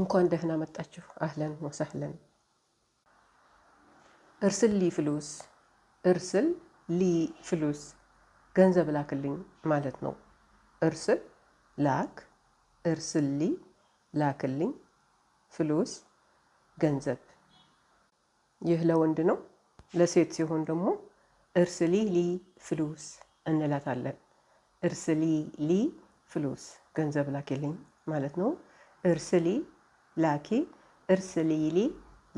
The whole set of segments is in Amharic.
እንኳን ደህና መጣችሁ። አህለን ወሰህለን። እርስል ሊ ፍሉስ፣ እርስል ሊ ፍሉስ፣ ገንዘብ ላክልኝ ማለት ነው። እርስል ላክ፣ እርስል ሊ ላክልኝ፣ ፍሉስ ገንዘብ። ይህ ለወንድ ነው። ለሴት ሲሆን ደግሞ እርስሊ ሊ ፍሉስ እንላታለን። እርስሊ ሊ ፍሉስ ገንዘብ ላክልኝ ማለት ነው። እርስሊ ላኪ እርስሊሊ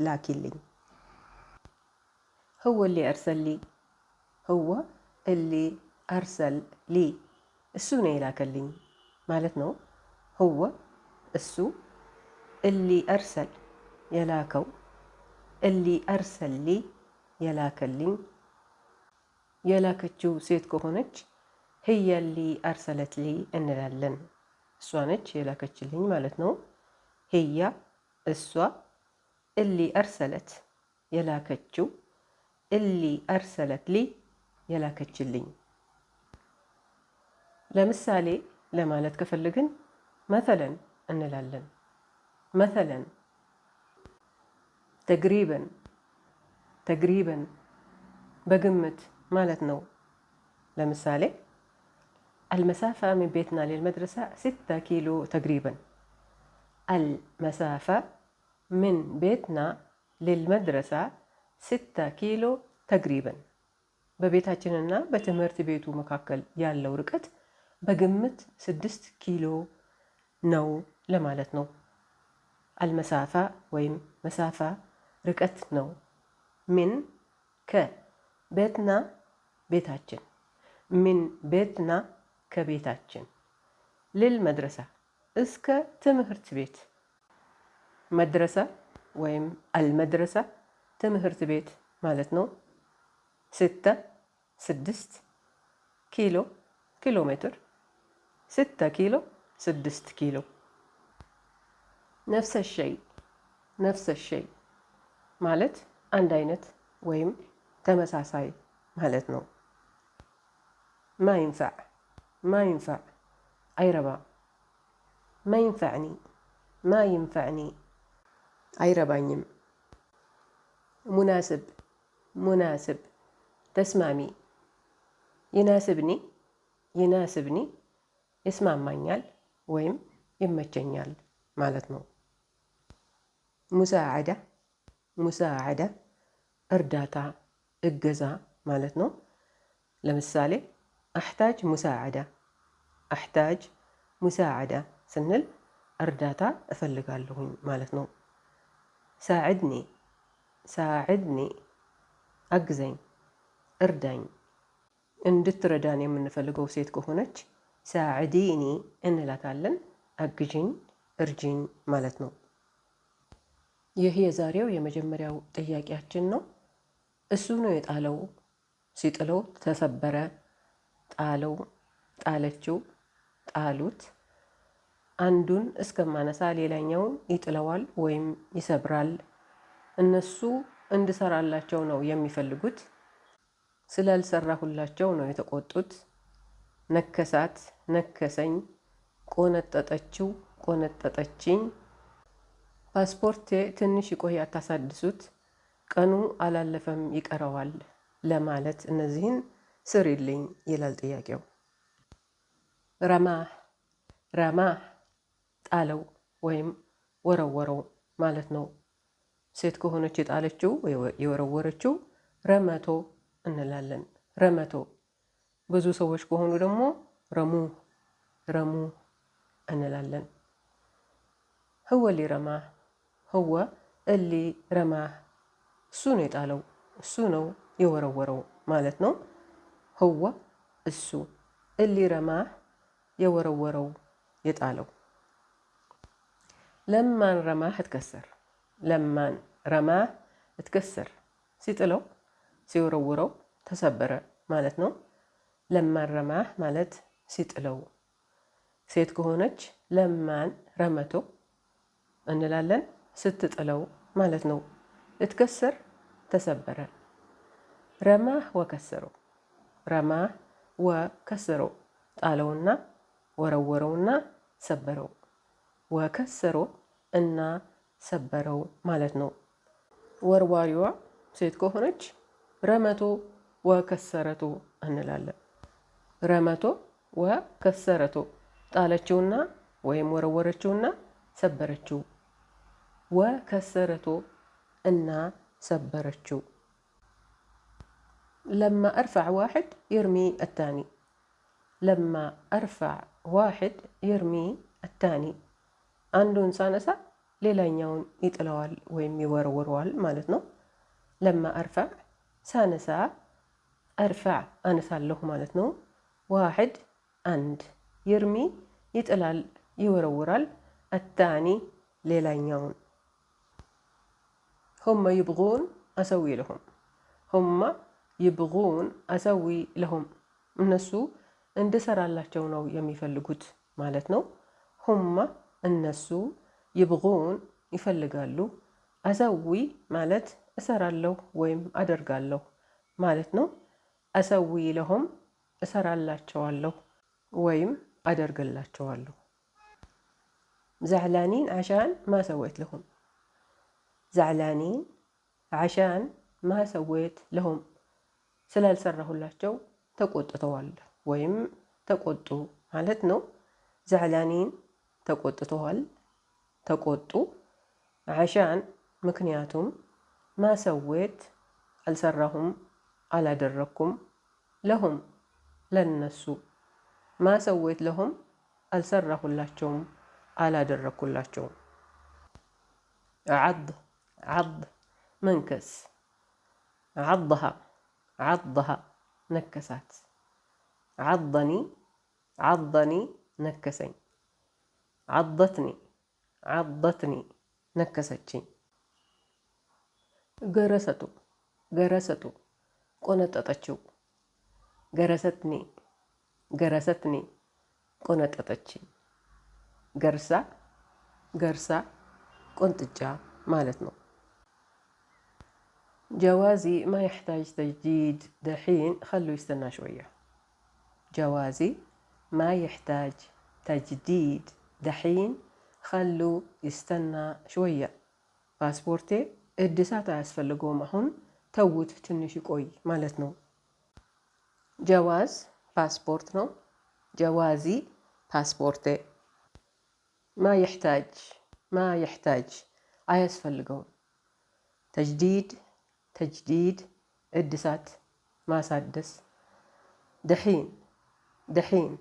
ላኪልኝ። ህወ ሊ አርሰሊ ህወ እሊ አርሰል ሊ እሱ ነው የላከልኝ ማለት ነው። ህወ እሱ እሊ አርሰል የላከው እሊ አርሰሊ የላከልኝ የላከችው ሴት ከሆነች ህየ አርሰለት ሊ እንላለን። እሷ ነች የላከችልኝ ማለት ነው። ህያ እሷ እሊ አርሰለት የላከችው እሊ አርሰለት ሊ የላከችልኝ። ለምሳሌ ለማለት ከፈለግን መተለን እንላለን። መተለን ተግሪበን ተግሪበን በግምት ማለት ነው። ለምሳሌ አልመሳፋ ሚን ቤትና ሌል መድረሳ ሲታ ኪሎ ተግሪበን المسافة من بيتنا للمدرسة ስታ ኪሎ ተግሪበን በቤታችንና በትምህርት ቤቱ መካከል ያለው ርቀት በግምት ስድስት ኪሎ ነው ለማለት ነው። አልመሳፋ ወይም መሳፋ ርቀት ነው። ሚን ከቤትና ቤታችን ሚን ቤትና ከቤታችን ልል መድረሳ እስከ ትምህርት ቤት መድረሳ ወይም አልመድረሳ ትምህርት ቤት ማለት ነው። ስተ ስድስት ኪሎ ኪሎ ሜትር ስተ ኪሎ ስድስት ኪሎ ነፍሰ ሸይ ነፍሰ ሸይ ማለት አንድ አይነት ወይም ተመሳሳይ ማለት ነው። ማይንፋዕ ማይንፋዕ አይረባ መይንፈዕኒ ማ ይንፈዕኒ አይረባኝም። ሙናስብ ሙናስብ ተስማሚ ይናስብኒ ይናስብኒ ይስማማኛል ወይም ይመቸኛል ማለት ነው። ሙሳዓዳ ሙሳዓዳ እርዳታ እገዛ ማለት ነው። ለምሳሌ አሕታጅ ሙሳዓዳ አሕታጅ ሙሳዓዳ ስንል እርዳታ እፈልጋለሁኝ ማለት ነው። ሳዕድኒ ሳዕድኒ አግዘኝ፣ እርዳኝ። እንድትረዳን የምንፈልገው ሴት ከሆነች ሳዕዲኒ እንላታለን። አግዥኝ፣ እርጅኝ ማለት ነው። ይህ የዛሬው የመጀመሪያው ጥያቄያችን ነው። እሱ ነው የጣለው። ሲጥለው ተሰበረ፣ ጣለው፣ ጣለችው፣ ጣሉት አንዱን እስከማነሳ ሌላኛውን ይጥለዋል ወይም ይሰብራል። እነሱ እንድሰራላቸው ነው የሚፈልጉት። ስላልሰራሁላቸው ነው የተቆጡት። ነከሳት፣ ነከሰኝ፣ ቆነጠጠችው፣ ቆነጠጠችኝ። ፓስፖርቴ ትንሽ ይቆይ፣ አታሳድሱት፣ ቀኑ አላለፈም ይቀረዋል ለማለት እነዚህን ስሪልኝ ይላል ጥያቄው። ረማ ረማ ጣለው ወይም ወረወረው ማለት ነው። ሴት ከሆነች የጣለችው የወረወረችው ረመቶ እንላለን። ረመቶ ብዙ ሰዎች ከሆኑ ደግሞ ረሙ ረሙ እንላለን። ህወ ሊረማ ረማ ህወ እሊ ረማ እሱ ነው የጣለው እሱ ነው የወረወረው ማለት ነው። ህወ እሱ እሊ ረማ የወረወረው የጣለው ለማን ረማህ እትከስር፣ ለማን ረማህ እትከስር፣ ሲጥለው ሲወረውረው ተሰበረ ማለት ነው። ለማን ረማህ ማለት ሲጥለው። ሴት ከሆነች ለማን ረመቶ እንላለን፣ ስትጥለው ማለት ነው። እትከስር ተሰበረ። ረማህ ወከሰረው፣ ረማህ ወከሰረው፣ ጣለውና ወረወረውና ሰበረው። ወከሰሮ እና ሰበረው ማለት ነው። ወርዋሪዋ ሴት ከሆነች ረመቶ ወከሰረቶ እንላለን። ረመቶ ወከሰረቶ ጣለችውና ወይም ወረወረችውና ሰበረችው። ወከሰረቶ እና ሰበረችው። ለማ አርፋዕ ዋሕድ ይርሚ እታኒ ለማ አርፋዕ ዋሕድ ይርሚ እታኒ አንዱን ሳነሳ ሌላኛውን ይጥለዋል ወይም ይወርውረዋል ማለት ነው። ለማ አርፋዕ ሳነሳ አርፋዕ አነሳለሁ ማለት ነው። ዋሕድ አንድ፣ ይርሚ ይጥላል ይወረውራል። አታኒ ሌላኛውን። ሁመ ይብጉን አሰዊ ለሁም፣ ሁመ ይብጉን አሰዊ ለሁም፣ እነሱ እንድሰራላቸው ነው የሚፈልጉት ማለት ነው። ሁማ እነሱ ይብቁን ይፈልጋሉ። አሰዊ ማለት እሰራለሁ ወይም አደርጋለሁ ማለት ነው። አሰዊ ለሆም እሰራላቸዋለሁ ወይም አደርግላቸዋለሁ። ዘዕላኒን ዓሻን ማ ሰወይት ለሁም ዘዕላኒን ዓሻን ማ ሰወይት ለሁም ስላልሰራሁላቸው ተቆጥተዋል ወይም ተቆጡ ማለት ነው። ዘዕላኒን ተቆጥተዋል፣ ተቆጡ። ዓሻን ምክንያቱም ማሰዌት አልሰራሁም፣ አላደረግኩም። ለሁም ለነሱ ማሰዌት ለሁም አልሰራሁላቸውም፣ አላደረግኩላቸውም። ዓድ ዓድ መንከስ ዓضሃ ዓضሃ ነከሳት ዓضኒ ዓضኒ ነከሰኝ عضتني عضتني نكست شيء جرسته كونت اتاتشو أتشو جرستني جرستني كنت أتشي جرسة جرسة كنت جا مالتنا جوازي ما يحتاج تجديد دحين خلو يستنى شوية جوازي ما يحتاج تجديد ደሒን ከሉ ይስተና ሽወያ ፓስፖርቴ እድሳት አያስፈልገውም። አሁን ተውት ትንሽ ይቆይ ማለት ነው። ጀዋዝ ፓስፖርት ነው። ጀዋዚ ፓስፖርቴ። ማ የሕታጅ ማ የሕታጅ አያስፈልገውም። ተጅዲድ ተጅዲድ እድሳት ማሳደስ። ደሒን ደሒን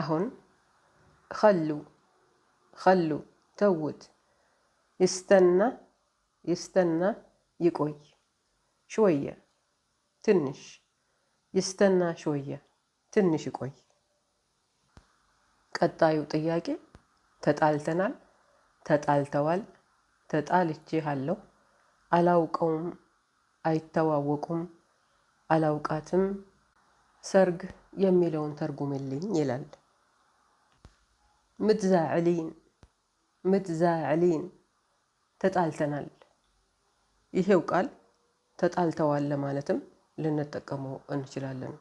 አሁን ከሉ ከሉ ተውት ይስተና ይስተና ይቆይ፣ ሾየ ትንሽ፣ ይስተና ሾየ ትንሽ ይቆይ። ቀጣዩ ጥያቄ ተጣልተናል፣ ተጣልተዋል፣ ተጣልቼ ተጣልቼሃለሁ፣ አላውቀውም፣ አይተዋወቁም፣ አላውቃትም፣ ሰርግ የሚለውን ተርጉምልኝ ይላል። ምትዛዕሊን ምትዛዕሊን ተጣልተናል። ይሄው ቃል ተጣልተዋል ለማለትም ልንጠቀመው እንችላለን።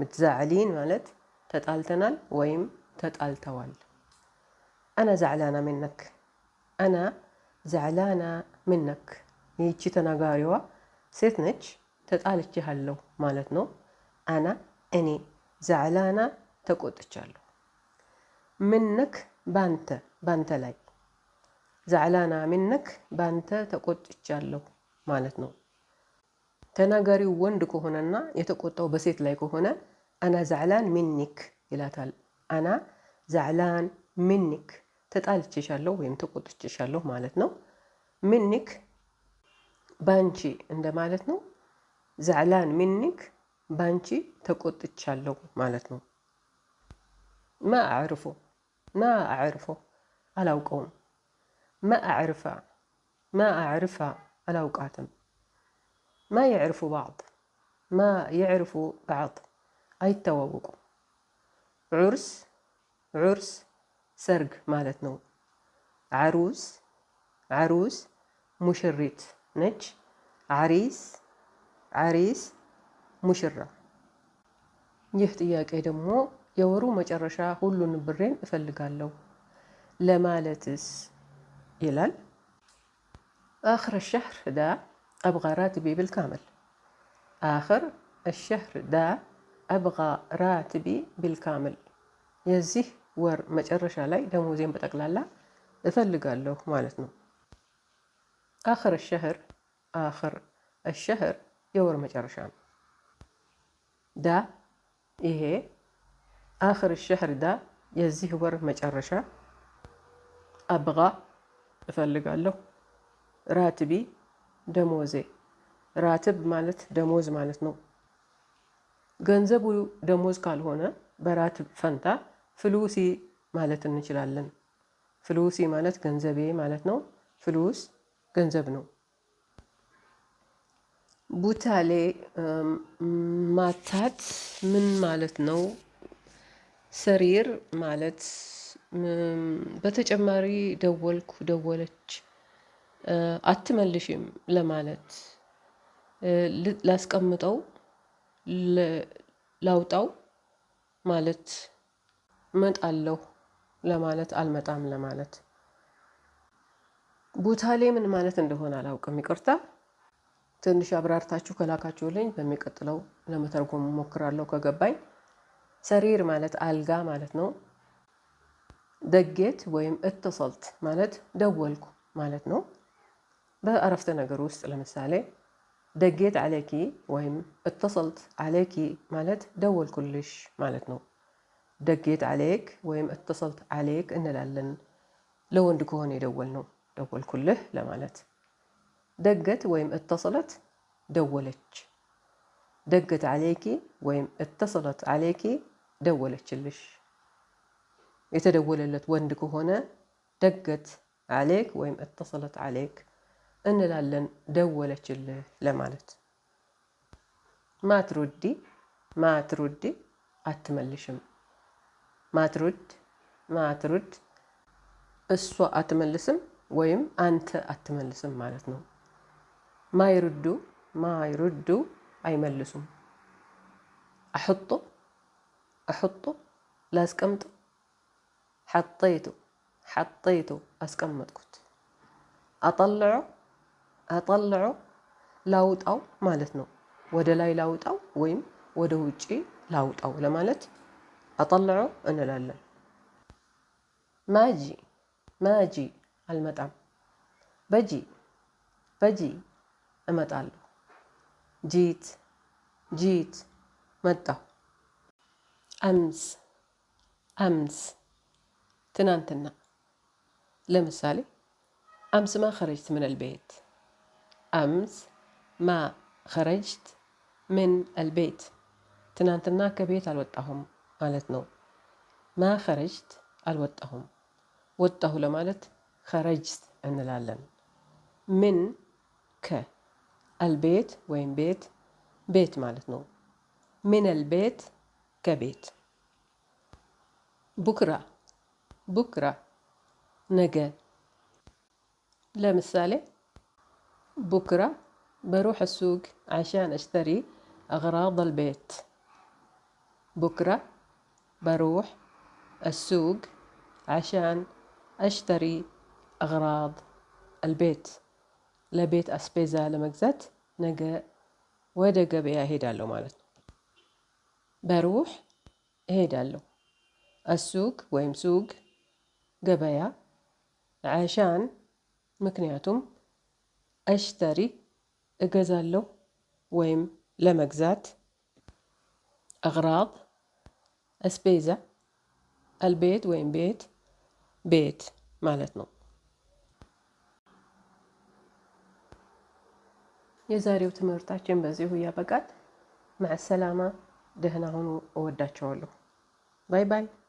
ምትዛዕሊን ማለት ተጣልተናል ወይም ተጣልተዋል። አና ዛዕላና ሚነክ፣ አና ዛዕላና ሚነክ። ይህቺ ተናጋሪዋ ሴት ነች። ተጣልቼሃለሁ ማለት ነው። አና እኔ፣ ዛዕላና ተቆጥቻለሁ፣ ምነክ ባንተ ባንተ ላይ ዛዕላና ሚነክ ባንተ ተቆጭቻለሁ ማለት ነው። ተናጋሪው ወንድ ከሆነና የተቆጣው በሴት ላይ ከሆነ አና ዛዕላን ሚኒክ ይላታል። አና ዛዕላን ሚኒክ ተጣልቼሻለሁ ወይም ተቆጥቼሻለሁ ማለት ነው። ሚኒክ ባንቺ እንደማለት ነው። ዛዕላን ሚኒክ ባንቺ ተቆጥቻለሁ ማለት ነው። ማ አዕርፎ ማ አዕርፎ አላውቀውም ما أعرفه ما أعرفه على وقاتم ما يعرفوا بعض ما يعرفوا بعض أي التوابق عرس عرس سرق مالت نو عروس عروس مشريت نج عريس عريس مشرة يهتيا كيدمو يورو مجرشا هلو نبرين افلقال لو لمالتس إلى آخر الشهر ده أبغى راتبي بالكامل آخر الشهر ده أبغى راتبي بالكامل يزيه ور مجرش علي دموزين بتقلالا اثلق له مالتنا آخر الشهر آخر الشهر يور مجرشان دا إيه آخر الشهر دا يزيه ور مجرشا أبغى እፈልጋለሁ። ራትቢ ደሞዜ። ራትብ ማለት ደሞዝ ማለት ነው። ገንዘቡ ደሞዝ ካልሆነ በራትብ ፈንታ ፍሉሲ ማለት እንችላለን። ፍሉሲ ማለት ገንዘቤ ማለት ነው። ፍሉስ ገንዘብ ነው። ቡታሌ ማታት ምን ማለት ነው? ሰሪር ማለት በተጨማሪ ደወልኩ ደወለች አትመልሽም ለማለት ላስቀምጠው ላውጣው ማለት እመጣለሁ ለማለት አልመጣም ለማለት ቦታ ላይ ምን ማለት እንደሆነ አላውቅም። ይቅርታ ትንሽ አብራርታችሁ ከላካችሁልኝ በሚቀጥለው ለመተርጎም ሞክራለሁ ከገባኝ። ሰሪር ማለት አልጋ ማለት ነው። ደጌት ወይም እተሰልት ማለት ደወልኩ ማለት ነው። በአረፍተ ነገር ውስጥ ለምሳሌ ደጌት አለኪ ወይም እተሰልት አለኪ ማለት ደወልኩልሽ ማለት ነው። ደጌት አሌክ ወይም እተሰልት አሌክ እንላለን ለወንድ ከሆነ የደወል ነው ደወልኩልህ ለማለት። ደገት ወይም እተሰለት ደወለች። ደገት አሌኪ ወይም እተሰለት አሌኪ ደወለችልሽ የተደወለለት ወንድ ከሆነ ደገት አሌክ ወይም እተሰለት አሌክ እንላለን። ደወለችልህ ለማለት ማትሩዲ ማትሩዲ አትመልሽም። ማትሩድ ማትሩድ እሷ አትመልስም ወይም አንተ አትመልስም ማለት ነው። ማይሩዱ ማይሩዱ አይመልሱም። አሕጡ አሕጡ ላስቀምጥ حطيته حطيته أسكمتكت أطلعه أطلعه ላውጣው ማለት ነው። ወደ ላይ ላውጣው ወይም ወደ ውጪ ላውጣው ለማለት አጠልዑ እንላለን። ማጂ ማጂ አልመጣም። በጂ በጂ እመጣለሁ። ጂት ጂት መጣሁ። አምስ አምስ ትናንትና ለምሳሌ أمس ما خرجت من البيت أمس ما خرجت من البيت ትናንትና ከቤት አልወጣሁም ማለት ነው። ማ ኸረጅት አልወጣሁም። ወጣሁ ለማለት ኸረጅት እንላለን። ምን ከ አልቤት ወይም ቤት ቤት ማለት ነው። ምን አልቤት ከቤት ቡክራ بكرة نجا مثالة بكرة بروح السوق عشان أشتري أغراض البيت بكرة بروح السوق عشان أشتري أغراض البيت لبيت أسبيزا لمجزت نجا ودجا بيا هيدالو مالت بروح هيدالو السوق ويم سوق قبايا عشان مكنياتهم اشتري اجازالو ويم لمقزات اغراض اسبيزا البيت وين بيت بيت مالتنا يا زاري وتمرتاكين بزيه يا بقات مع السلامة دهنا هون وودا باي باي